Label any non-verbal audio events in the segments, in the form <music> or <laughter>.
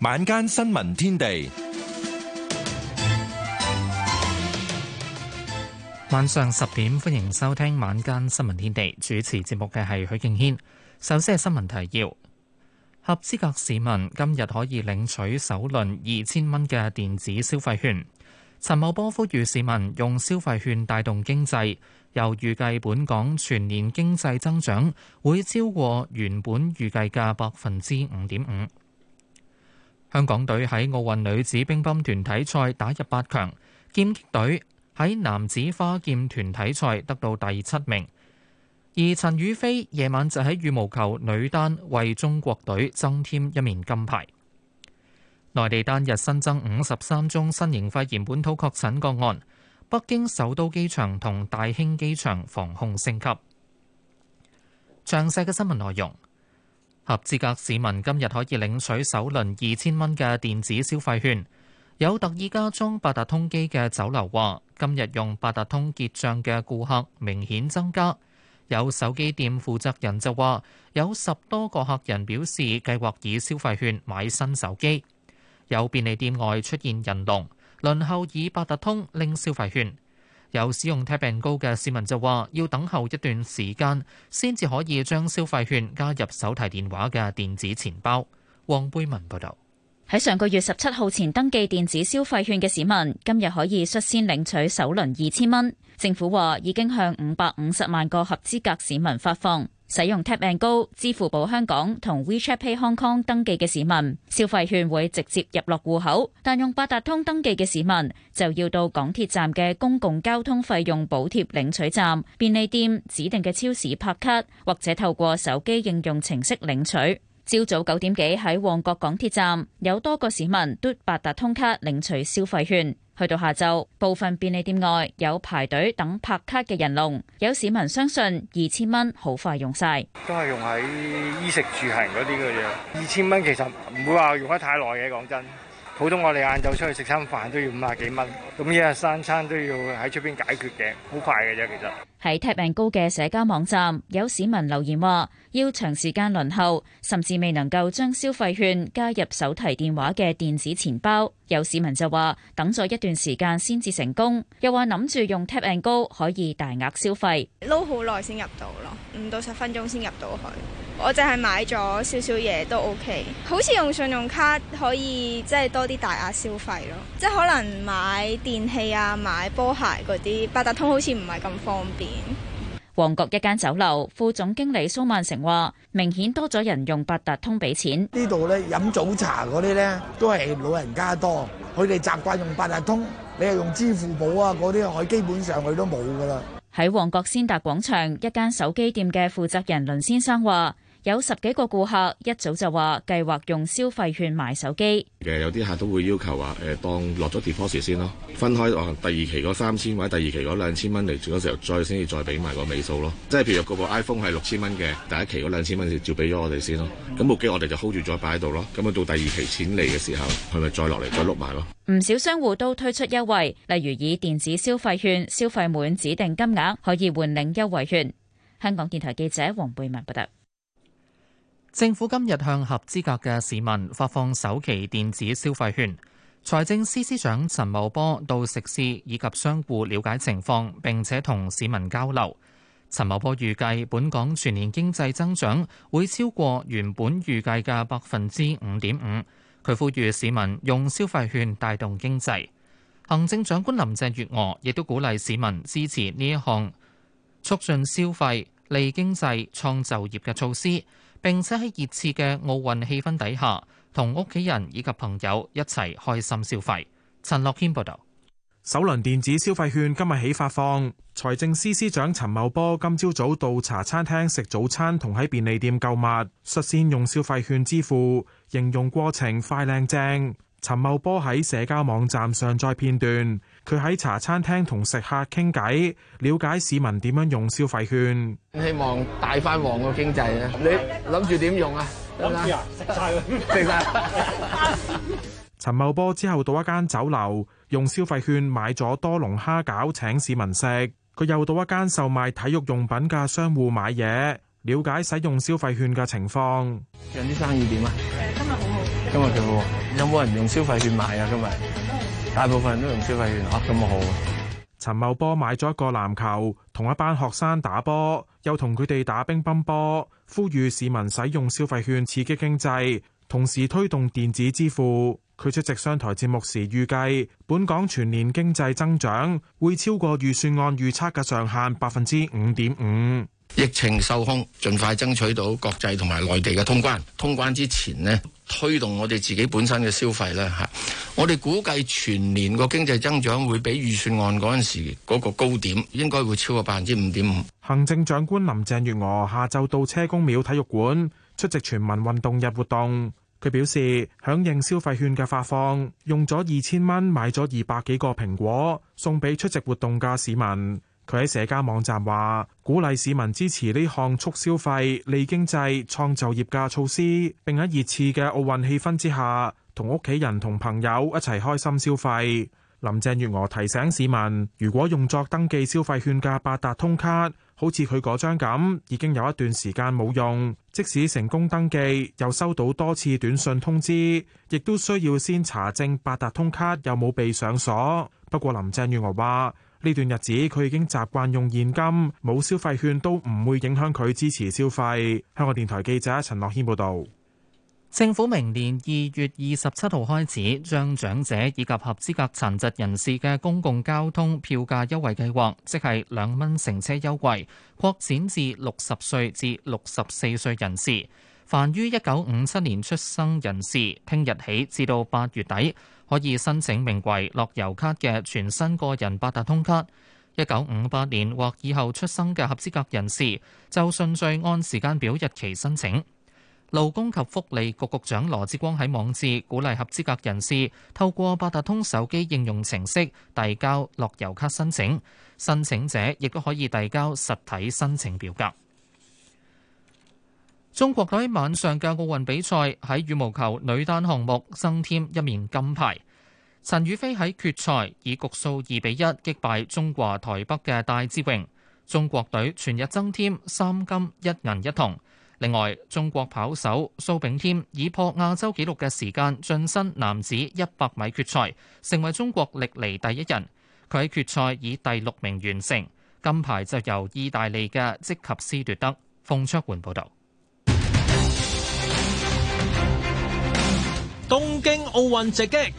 晚間新聞天地，晚上十點歡迎收聽晚間新聞天地。主持節目嘅係許敬軒。首先係新聞提要，合資格市民今日可以領取首輪二千蚊嘅電子消費券。陳茂波呼籲市民用消費券帶動經濟，又預計本港全年經濟增長會超過原本預計嘅百分之五點五。香港隊喺奧運女子乒乓團體賽打入八強，劍擊隊喺男子花劍團體賽得到第七名，而陳雨菲夜晚就喺羽毛球女單為中國隊增添一面金牌。內地單日新增五十三宗新型肺炎本土確診個案，北京首都機場同大興機場防控升級。詳細嘅新聞內容。合資格市民今日可以領取首輪二千蚊嘅電子消費券。有特意加裝八達通機嘅酒樓話，今日用八達通結帳嘅顧客明顯增加。有手機店負責人就話，有十多個客人表示計劃以消費券買新手機。有便利店外出現人龍，輪候以八達通拎消費券。有使用 Tap and Go 嘅市民就話：要等候一段時間先至可以將消費券加入手提電話嘅電子錢包。黃貝文報道，喺上個月十七號前登記電子消費券嘅市民，今日可以率先領取首輪二千蚊。政府話已經向五百五十萬個合資格市民發放。使用 Tap and Go、支付寶香港同 WeChat Pay Hong Kong 登記嘅市民，消費券會直接入落戶口，但用八達通登記嘅市民就要到港鐵站嘅公共交通費用補貼領取站、便利店指定嘅超市拍卡，或者透過手機應用程式領取。朝早九點幾喺旺角港鐵站有多個市民嘟八達通卡領取消費券。去到下晝，部分便利店外有排隊等拍卡嘅人龍，有市民相信二千蚊好快用晒，都係用喺衣食住行嗰啲嘅嘢。二千蚊其實唔會話用得太耐嘅，講真。普通我哋晏晝出去食餐飯都要五啊幾蚊，咁一日三餐都要喺出邊解決嘅，好快嘅啫。其實喺 Tap and Go 嘅社交網站，有市民留言話要長時間輪候，甚至未能夠將消費券加入手提電話嘅電子錢包。有市民就話等咗一段時間先至成功，又話諗住用 Tap and Go 可以大額消費，撈好耐先入到咯，五到十分鐘先入到去。我就係買咗少少嘢都 OK，好似用信用卡可以即係多啲大額消費咯，即係可能買電器啊、買波鞋嗰啲，八達通好似唔係咁方便。旺角一間酒樓副總經理蘇萬成話，明顯多咗人用八達通俾錢。呢度咧飲早茶嗰啲咧都係老人家多，佢哋習慣用八達通，你係用支付寶啊嗰啲，佢基本上佢都冇噶啦。喺旺角先達廣場一間手機店嘅負責人林先生話。有十幾個顧客一早就話計劃用消費券買手機。其實有啲客都會要求話誒、呃、當落咗 deposit 先咯，分開第二期嗰三千或者第二期嗰兩千蚊嚟住嗰時候，再先至再俾埋個尾數咯。即係譬如個部 iPhone 係六千蚊嘅，第一期嗰兩千蚊就照俾咗我哋先咯。咁部機我哋就 hold 住再擺喺度咯。咁啊到第二期錢嚟嘅時候，佢咪再落嚟再碌埋咯。唔少商戶都推出優惠，例如以電子消費券消費滿指定金額可以換領優惠券。香港電台記者黃貝文報道。不得政府今日向合資格嘅市民發放首期電子消費券。財政司司長陳茂波到食肆以及商戶了解情況，並且同市民交流。陳茂波預計本港全年經濟增長會超過原本預計嘅百分之五點五。佢呼籲市民用消費券帶動經濟。行政長官林鄭月娥亦都鼓勵市民支持呢一項促進消費、利經濟、創就業嘅措施。並且喺熱刺嘅奧運氣氛底下，同屋企人以及朋友一齊開心消費。陳樂軒報導。首輪電子消費券今日起發放，財政司司長陳茂波今朝早到茶餐廳食早餐，同喺便利店購物，率先用消費券支付，形容過程快靚正。陳茂波喺社交網站上載片段。佢喺茶餐廳同食客傾偈，了解市民點樣用消費券。希望大翻旺個經濟啊！你諗住點用啊？我知啊，食晒佢，食晒 <laughs> 完。陳 <laughs> 茂波之後到一間酒樓，用消費券買咗多龍蝦餃請市民食。佢又到一間售賣體育用品嘅商戶買嘢，了解使用消費券嘅情況。有啲生意點啊？今日好好。今日幾好？有冇人用消費券買啊？今日？大部分都用消費券，啊咁好！陳茂波買咗一個籃球，同一班學生打波，又同佢哋打乒乓波，呼籲市民使用消費券刺激經濟，同時推動電子支付。佢出席商台節目時預計，本港全年經濟增長會超過預算案預測嘅上限百分之五點五。疫情受控，盡快爭取到國際同埋內地嘅通關。通關之前咧，推動我哋自己本身嘅消費啦嚇。我哋估計全年個經濟增長會比預算案嗰陣時嗰個高點，應該會超過百分之五點五。行政長官林鄭月娥下晝到車公廟體育館出席全民運動日活動，佢表示響應消費券嘅發放，用咗二千蚊買咗二百幾個蘋果送俾出席活動嘅市民。佢喺社交網站話，鼓勵市民支持呢項促消費、利經濟、創就業嘅措施。並喺熱刺嘅奧運氣氛之下，同屋企人同朋友一齊開心消費。林鄭月娥提醒市民，如果用作登記消費券嘅八達通卡，好似佢嗰張咁，已經有一段時間冇用。即使成功登記，又收到多次短信通知，亦都需要先查證八達通卡有冇被上鎖。不過，林鄭月娥話：呢段日子，佢已經習慣用現金，冇消費券都唔會影響佢支持消費。香港電台記者陳樂軒報導。政府明年二月二十七號開始，將長者以及合資格殘疾人士嘅公共交通票價優惠計劃，即係兩蚊乘車優惠，擴展至六十歲至六十四歲人士。凡於一九五七年出生人士，聽日起至到八月底可以申請名為樂悠咭嘅全新個人八達通卡。一九五八年或以後出生嘅合資格人士，就順序按時間表日期申請。勞工及福利局局長羅致光喺網誌鼓勵合資格人士透過八達通手機應用程式遞交樂悠咭申請，申請者亦都可以遞交實體申請表格。中國隊晚上嘅奧運比賽喺羽毛球女單項目增添一面金牌，陳雨菲喺決賽以局數二比一擊敗中華台北嘅戴資穎。中國隊全日增添三金一銀一銅。另外，中國跑手蘇炳添以破亞洲紀錄嘅時間晉身男子一百米決賽，成為中國歷嚟第一人。佢喺決賽以第六名完成，金牌就由意大利嘅積及斯奪得。馮卓媛報導。東京奧運直擊。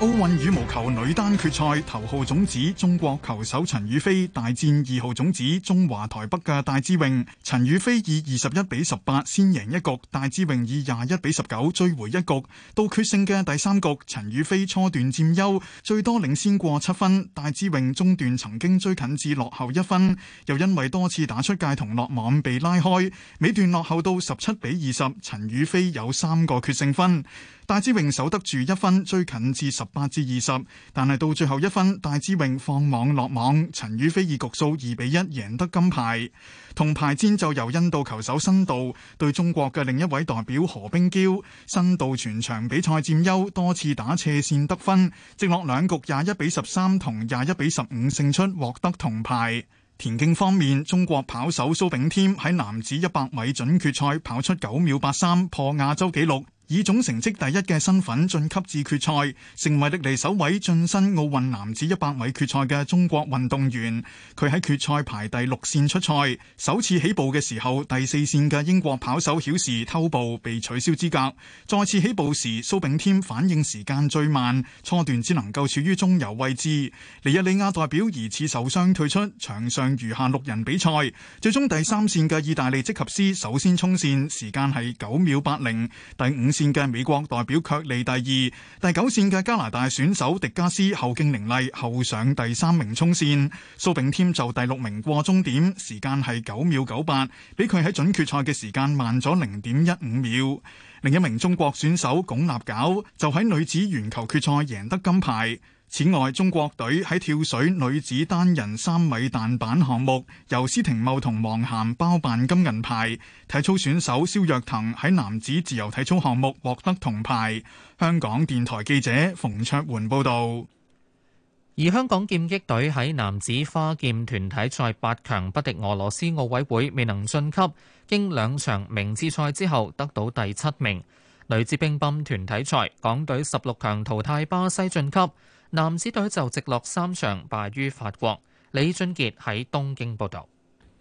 奧運羽毛球女單決賽，頭號種子中國球手陳雨菲大戰二號種子中華台北嘅戴資穎。陳雨菲以二十一比十八先贏一局，戴資穎以廿一比十九追回一局。到決勝嘅第三局，陳雨菲初段佔優，最多領先過七分。戴資穎中段曾經追近至落後一分，又因為多次打出界同落網被拉開。尾段落後到十七比二十，陳雨菲有三個決勝分。戴資穎守得住一分，追近至十八至二十，但係到最後一分，戴資穎放網落網，陳雨菲以局數二比一，贏得金牌。銅牌戰就由印度球手辛道對中國嘅另一位代表何冰嬌，辛道全場比賽佔優，多次打斜線得分，直落兩局廿一比十三同廿一比十五勝出，獲得銅牌。田徑方面，中國跑手蘇炳添喺男子一百米準決賽跑出九秒八三，破亞洲紀錄。以總成績第一嘅身份晉級至決賽，成為歷嚟首位晉身奧運男子一百米決賽嘅中國運動員。佢喺決賽排第六線出賽，首次起步嘅時候第四線嘅英國跑手曉士偷步被取消資格，再次起步時，蘇炳添反應時間最慢，初段只能夠處於中游位置。尼日利亞代表疑似受傷退出，場上餘下六人比賽，最終第三線嘅意大利積及斯首先衝線，時間係九秒八零，第五。綫嘅美國代表卻利第二，第九綫嘅加拿大選手迪加斯後勁凌厲，後上第三名衝綫。蘇炳添就第六名過終點，時間係九秒九八，比佢喺準決賽嘅時間慢咗零點一五秒。另一名中國選手鞏立姣就喺女子鉛球決賽贏得金牌。此外，中國隊喺跳水女子單人三米彈板項目，由施廷懋同王涵包辦金銀牌；體操選手肖若騰喺男子自由體操項目獲得銅牌。香港電台記者馮卓桓報導。而香港劍擊隊喺男子花劍團體賽八強不敵俄羅斯奧委會，未能晉級。經兩場名次賽之後，得到第七名。女子乒乓團體賽，港隊十六強淘汰巴西晉級。男子隊就直落三場敗於法國。李俊傑喺東京報導。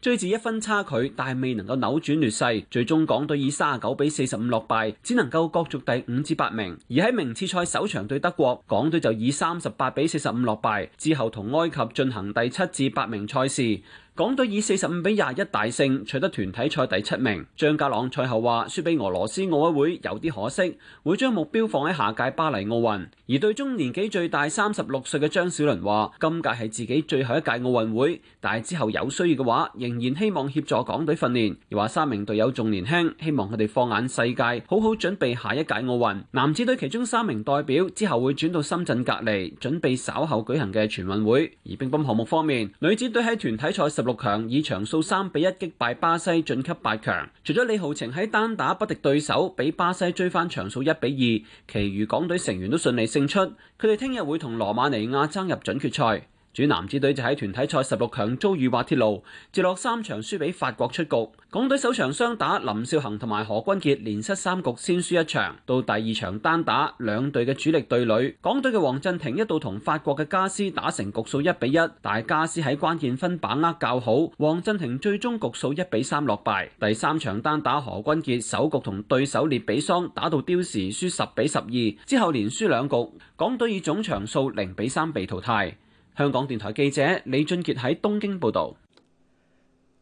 追至一分差距，但係未能夠扭轉劣勢，最終港隊以三十九比四十五落敗，只能夠角逐第五至八名。而喺名次賽首場對德國，港隊就以三十八比四十五落敗，之後同埃及進行第七至八名賽事。港隊以四十五比廿一大勝，取得團體賽第七名。張家朗賽後話：輸俾俄羅斯奧委會有啲可惜，會將目標放喺下屆巴黎奧運。而隊中年紀最大三十六歲嘅張小倫話：今屆係自己最後一屆奧運會，但係之後有需要嘅話，仍然希望協助港隊訓練。又話三名隊友仲年輕，希望佢哋放眼世界，好好準備下一屆奧運。男子隊其中三名代表之後會轉到深圳隔離，準備稍後舉行嘅全運會。而乒乓項目方面，女子隊喺團體賽十六強以場數三比一擊敗巴西，晉級八強，除咗李皓晴喺單打不敵對手，俾巴西追翻場數一比二，其餘港隊成員都順利勝出，佢哋聽日會同羅馬尼亞爭入準決賽。主男子隊就喺團體賽十六強遭遇滑鐵盧，接落三場輸俾法國出局。港隊首場雙打林少恒同埋何君傑連失三局，先輸一場。到第二場單打兩隊嘅主力對壘，港隊嘅黃鎮廷一度同法國嘅加斯打成局數一比一，但加斯喺關鍵分把握較好，黃鎮廷最終局數一比三落敗。第三場單打何君傑首局同對手列比桑打到刁時輸十比十二，之後連輸兩局，港隊以總場數零比三被淘汰。香港電台記者李俊杰喺東京報道，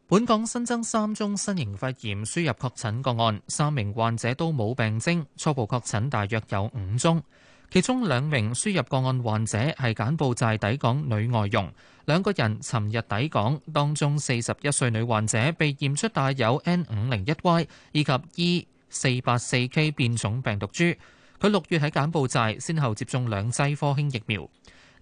本港新增三宗新型肺炎輸入確診個案，三名患者都冇病徵，初步確診大約有五宗，其中兩名輸入個案患者係柬埔寨抵港女外傭，兩個人尋日抵港，當中四十一歲女患者被驗出帶有 N 五零一 Y 以及 E 四八四 K 變種病毒株，佢六月喺柬埔寨先後接種兩劑科興疫苗。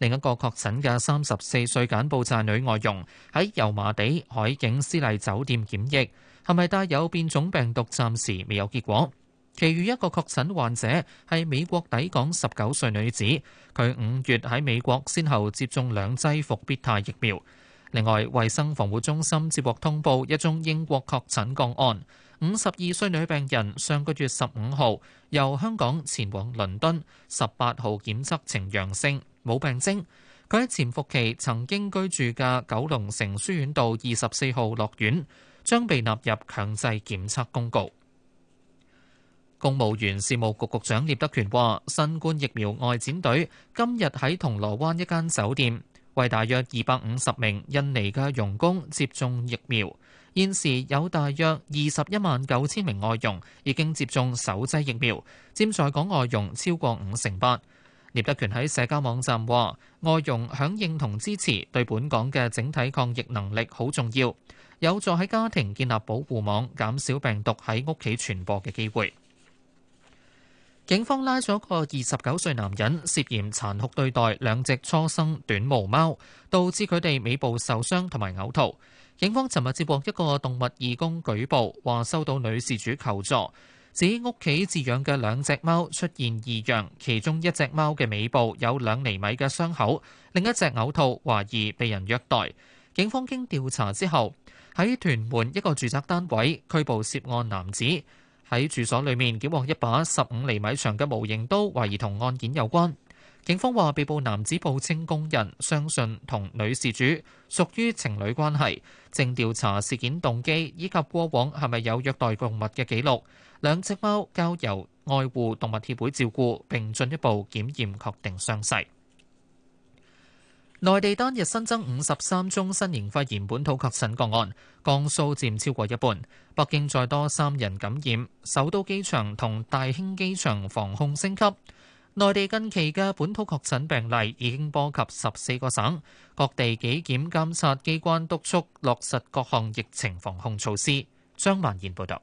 另一個確診嘅三十四歲柬埔寨女外傭喺油麻地海景絲麗酒店檢疫，係咪帶有變種病毒？暫時未有結果。其餘一個確診患者係美國抵港十九歲女子，佢五月喺美國先後接種兩劑復必泰疫苗。另外，衞生防護中心接獲通報一宗英國確診個案，五十二歲女病人上個月十五號由香港前往倫敦，十八號檢測呈陽性。冇病徵，佢喺潛伏期曾經居住嘅九龍城書院道二十四號樂園將被納入強制檢測公告。公務員事務局局長聶德權話：新冠疫苗外展隊今日喺銅鑼灣一間酒店，為大約二百五十名印尼嘅傭工接種疫苗。現時有大約二十一萬九千名外傭已經接種首劑疫苗，佔在港外傭超過五成八。聶德權喺社交網站話：外傭響應同支持對本港嘅整體抗疫能力好重要，有助喺家庭建立保護網，減少病毒喺屋企傳播嘅機會。警方拉咗個二十九歲男人涉嫌殘酷對待兩隻初生短毛貓，導致佢哋尾部受傷同埋嘔吐。警方尋日接獲一個動物義工舉報，話收到女事主求助。指屋企飼養嘅兩隻貓出現異樣，其中一隻貓嘅尾部有兩厘米嘅傷口，另一隻嘔吐，懷疑被人虐待。警方經調查之後，喺屯門一個住宅單位拘捕涉案男子，喺住所裏面檢獲一把十五厘米長嘅模型刀，懷疑同案件有關。警方話，被捕男子報稱工人，相信同女事主屬於情侶關係，正調查事件動機以及過往係咪有虐待動物嘅記錄。兩隻貓交由愛護動物協會照顧，並進一步檢驗確定傷勢。內地單日新增五十三宗新型肺炎本土確診個案，江蘇佔超過一半。北京再多三人感染，首都機場同大興機場防控升級。內地近期嘅本土確診病例已經波及十四個省，各地紀檢監察機關督促落實各項疫情防控措施。張曼燕報導。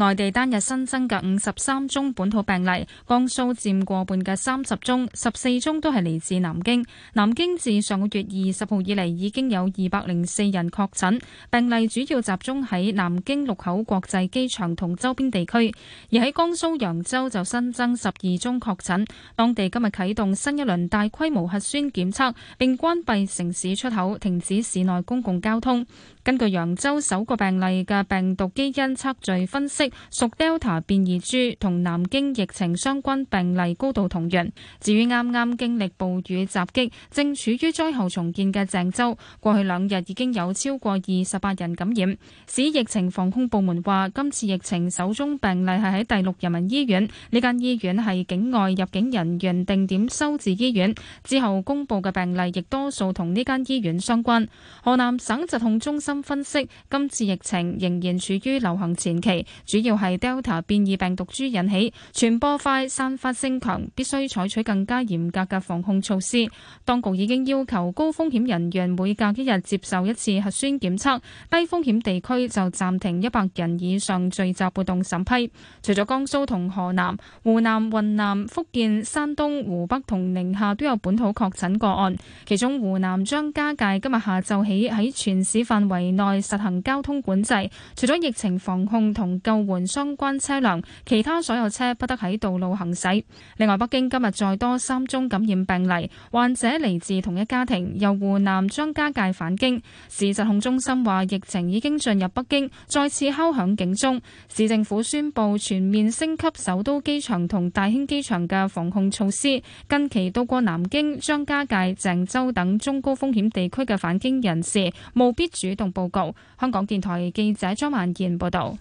內地單日新增嘅五十三宗本土病例，江蘇佔過半嘅三十宗，十四宗都係嚟自南京。南京自上個月二十號以嚟已經有二百零四人確診，病例主要集中喺南京祿口國際機場同周邊地區。而喺江蘇揚州就新增十二宗確診，當地今日啟動新一輪大規模核酸檢測，並關閉城市出口，停止市內公共交通。根據揚州首個病例嘅病毒基因測序分析。屬 Delta 變異株同南京疫情相關病例高度同源。至於啱啱經歷暴雨襲擊，正處於災後重建嘅鄭州，過去兩日已經有超過二十八人感染。市疫情防控部門話，今次疫情首宗病例係喺第六人民醫院，呢間醫院係境外入境人員定點收治醫院。之後公布嘅病例亦多數同呢間醫院相關。河南省疾控中心分析，今次疫情仍然處於流行前期。主要係 Delta 變異病毒株引起，傳播快、散發性強，必須採取更加嚴格嘅防控措施。當局已經要求高風險人員每隔一日接受一次核酸檢測，低風險地區就暫停一百人以上聚集活動審批。除咗江蘇同河南、湖南、雲南、福建、山東、湖北同寧夏都有本土確診個案，其中湖南張家界今日下晝起喺全市範圍內實行交通管制，除咗疫情防控同救換相關車輛，其他所有車不得喺道路行駛。另外，北京今日再多三宗感染病例，患者嚟自同一家庭，由湖南張家界返京。市疾控中心話，疫情已經進入北京，再次敲響警鐘。市政府宣布全面升級首都機場同大興機場嘅防控措施。近期到過南京、張家界、鄭州等中高風險地區嘅返京人士，務必主動報告。香港電台記者張萬健報道。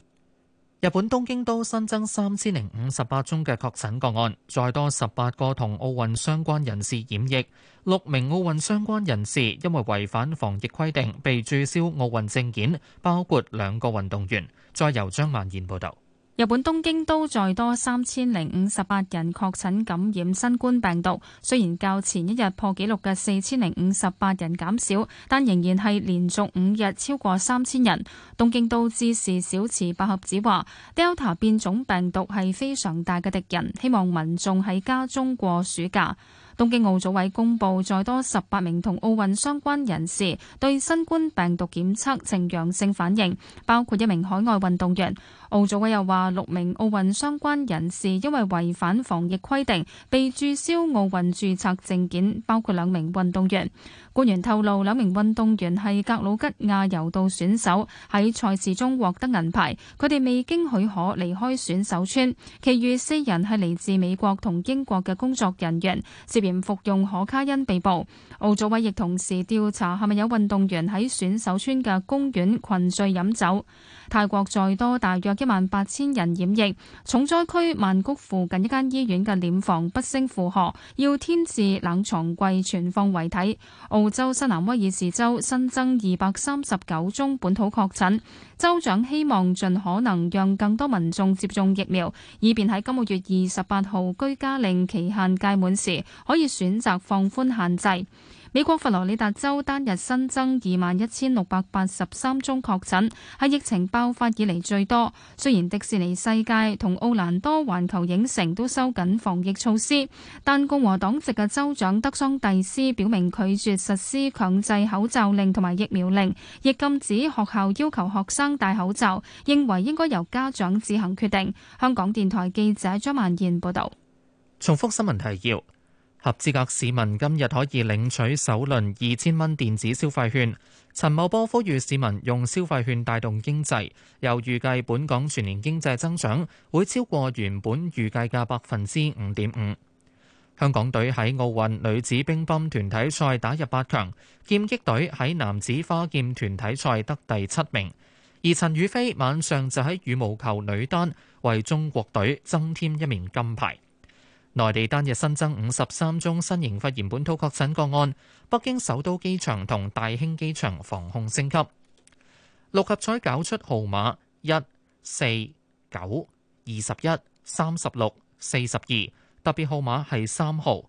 日本東京都新增三千零五十八宗嘅確診個案，再多十八個同奧運相關人士染疫，六名奧運相關人士因為違反防疫規定被注銷奧運證件，包括兩個運動員。再由張曼燕報道。日本東京都再多三千零五十八人確診感染新冠病毒，雖然較前一日破紀錄嘅四千零五十八人減少，但仍然係連續五日超過三千人。東京都知事小池百合子話，Delta 變種病毒係非常大嘅敵人，希望民眾喺家中過暑假。東京奧組委公布再多十八名同奧運相關人士對新冠病毒檢測呈陽性反應，包括一名海外運動員。奧組委又話六名奧運相關人士因為違反防疫規定，被註銷奧運註冊證件，包括兩名運動員。官員透露，兩名運動員係格魯吉亞柔道選手，喺賽事中獲得銀牌，佢哋未經許可離開選手村。其餘四人係嚟自美國同英國嘅工作人員，涉嫌服用可卡因被捕。奧組委亦同時調查係咪有運動員喺選手村嘅公園群聚飲酒。泰國再多大約一萬八千人染疫，重災區曼谷附近一間醫院嘅殮房不勝負荷，要添置冷藏櫃存放遺體。澳洲新南威爾士州新增二百三十九宗本土確診，州長希望盡可能讓更多民眾接種疫苗，以便喺今個月二十八號居家令期限屆滿時，可以選擇放寬限制。美國佛羅里達州單日新增二萬一千六百八十三宗確診，係疫情爆發以嚟最多。雖然迪士尼世界同奧蘭多環球影城都收緊防疫措施，但共和黨籍嘅州長德桑蒂斯表明拒絕實施強制口罩令同埋疫苗令，亦禁止學校要求學生戴口罩，認為應該由家長自行決定。香港電台記者張曼燕報道。重複新聞提要。合資格市民今日可以領取首輪二千蚊電子消費券。陳茂波呼籲市民用消費券帶動經濟，又預計本港全年經濟增長會超過原本預計嘅百分之五點五。香港隊喺奧運女子乒乓團體賽打入八強，劍擊隊喺男子花劍團體賽得第七名，而陳雨菲晚上就喺羽毛球女單為中國隊增添一面金牌。內地單日新增五十三宗新型肺炎本土確診個案，北京首都機場同大興機場防控升級。六合彩搞出號碼一、四、九、二十一、三十六、四十二，特別號碼係三號。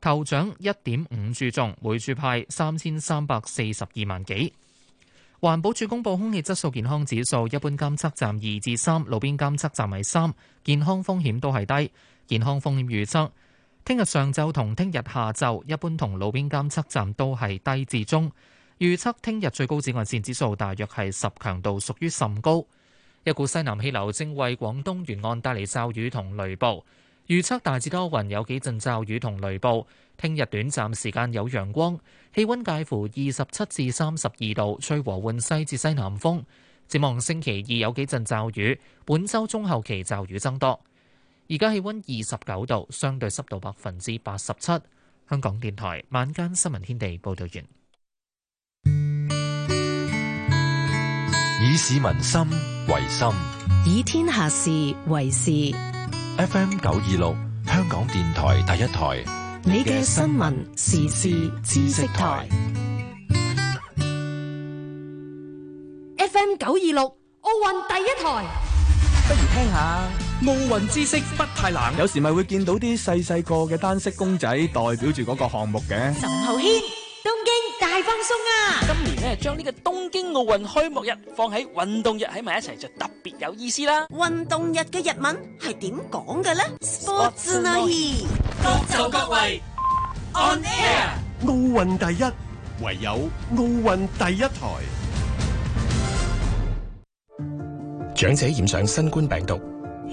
頭獎一點五注中，每注派三千三百四十二萬幾。環保署公布空氣質素健康指數，一般監測站二至三，路邊監測站係三，健康風險都係低。健康風險預測：聽日上晝同聽日下晝，一般同路邊監測站都係低至中。預測聽日最高紫外線指數大約係十，強度屬於甚高。一股西南氣流正為廣東沿岸帶嚟驟雨同雷暴。預測大致多雲，有幾陣驟雨同雷暴。聽日短暫時間有陽光，氣温介乎二十七至三十二度，吹和緩西至西南風。展望星期二有幾陣驟雨，本週中後期驟雨增多。而家氣温二十九度，相對濕度百分之八十七。香港電台晚間新聞天地報道完，以市民心為心，以天下事為事。FM 九二六，香港電台第一台，你嘅新聞時事知識台。FM 九二六，奧運第一台，不如聽下。奧運知識不太難，有時咪會見到啲細細個嘅單色公仔代表住嗰個項目嘅。陳浩軒，東京大放鬆啊！今年咧將呢個東京奧運開幕日放喺運動日喺埋一齊就特別有意思啦。運動日嘅日文係點講嘅咧？Sports Night。各就各位，On Air，奧運第一，唯有奧運第一台。長者染上新冠病毒，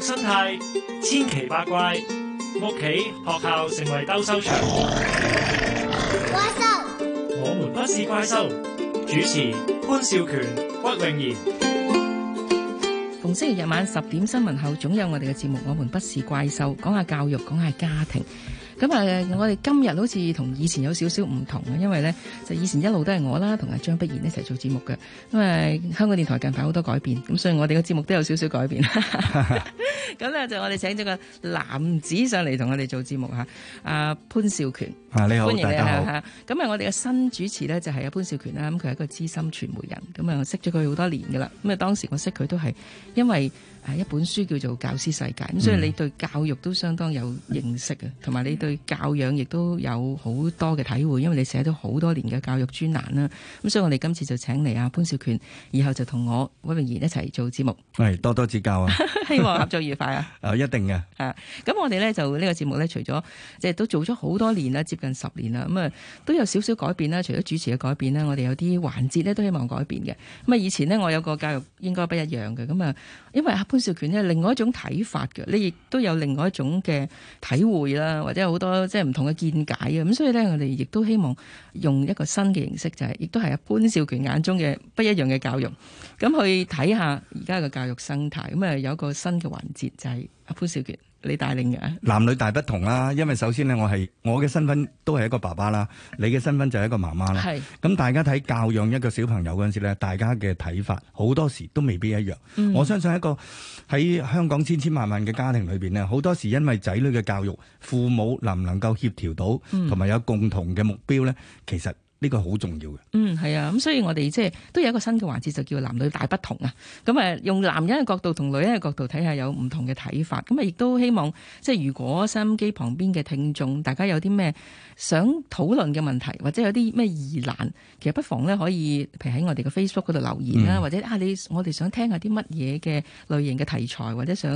生態千奇百怪，屋企學校成為鬥獸場。怪獸，我們不是怪獸。主持潘少權、屈穎妍。逢星期日晚十點新聞後，總有我哋嘅節目。我們不是怪獸，講下教育，講下家庭。咁啊、呃，我哋今日好似同以前有少少唔同啊，因為咧就以前一路都係我啦，同阿張碧然一齊做節目嘅。因為香港電台近排好多改變，咁所以我哋嘅節目都有少少改變。 <laughs> <laughs> 咁咧就我哋請咗個男子上嚟同我哋做節目吓，阿、啊、潘少權。你好，歡迎你，咁啊，我哋嘅新主持呢，就係阿潘少權啦，咁佢係一個資深傳媒人，咁、嗯、啊，我識咗佢好多年噶啦，咁啊，當時我識佢都係因為誒一本書叫做《教師世界》，咁所以你對教育都相當有認識啊，同埋你對教養亦都有好多嘅體會，因為你寫咗好多年嘅教育專欄啦，咁所以我哋今次就請嚟啊潘少權，以後就同我韋榮賢一齊做節目，係多多指教啊， <laughs> 希望合作愉快啊，啊、 <laughs> 哦，一定嘅，啊，咁我哋呢就呢、呢個節目呢，除咗即係都做咗好多年啦，接近十年啦，咁啊都有少少改變啦。除咗主持嘅改變啦，我哋有啲環節咧都希望改變嘅。咁啊，以前呢，我有個教育應該不一樣嘅。咁啊，因為阿潘兆權呢，另外一種睇法嘅，你亦都有另外一種嘅體會啦，或者好多即係唔同嘅見解啊。咁所以呢，我哋亦都希望用一個新嘅形式，就係亦都係阿潘兆權眼中嘅不一樣嘅教育，咁去睇下而家嘅教育生態。咁啊，有一個新嘅環節就係、是、阿潘兆權。你帶領嘅男女大不同啦，因為首先呢，我係我嘅身份都係一個爸爸啦，你嘅身份就係一個媽媽啦。係。咁大家睇教養一個小朋友嗰陣時咧，大家嘅睇法好多時都未必一樣。嗯。我相信一個喺香港千千萬萬嘅家庭裏邊呢，好多時因為仔女嘅教育，父母能唔能夠協調到，同埋有共同嘅目標呢？其實。呢個好重要嘅，嗯，係啊，咁所以我哋即係都有一個新嘅環節，就叫做男女大不同啊。咁啊、嗯、用男人嘅角度同女人嘅角度睇下，有唔同嘅睇法。咁、嗯、啊，亦、嗯、都希望即係如果收音機旁邊嘅聽眾，大家有啲咩想討論嘅問題或者有啲咩疑難，其實不妨咧可以，譬如喺我哋嘅 Facebook 度留言啦，嗯、或者啊，你我哋想聽一下啲乜嘢嘅類型嘅題材，或者想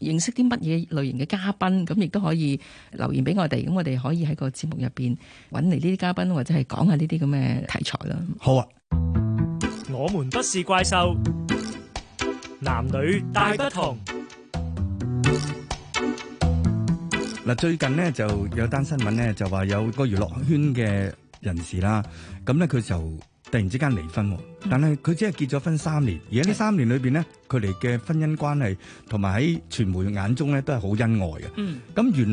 認識啲乜嘢類型嘅嘉賓，咁亦都可以留言俾我哋。咁我哋可以喺個節目入邊搵嚟呢啲嘉賓，或者係講下啲。呢啲咁嘅題材啦，好啊！我們不是怪獸，男女大不同。嗱，最近咧就有單新聞咧，就話有個娛樂圈嘅人士啦，咁咧佢就突然之間離婚，但係佢只係結咗婚三年，而家呢三年裏邊咧，佢哋嘅婚姻關係同埋喺傳媒眼中咧都係好恩愛嘅。嗯，咁原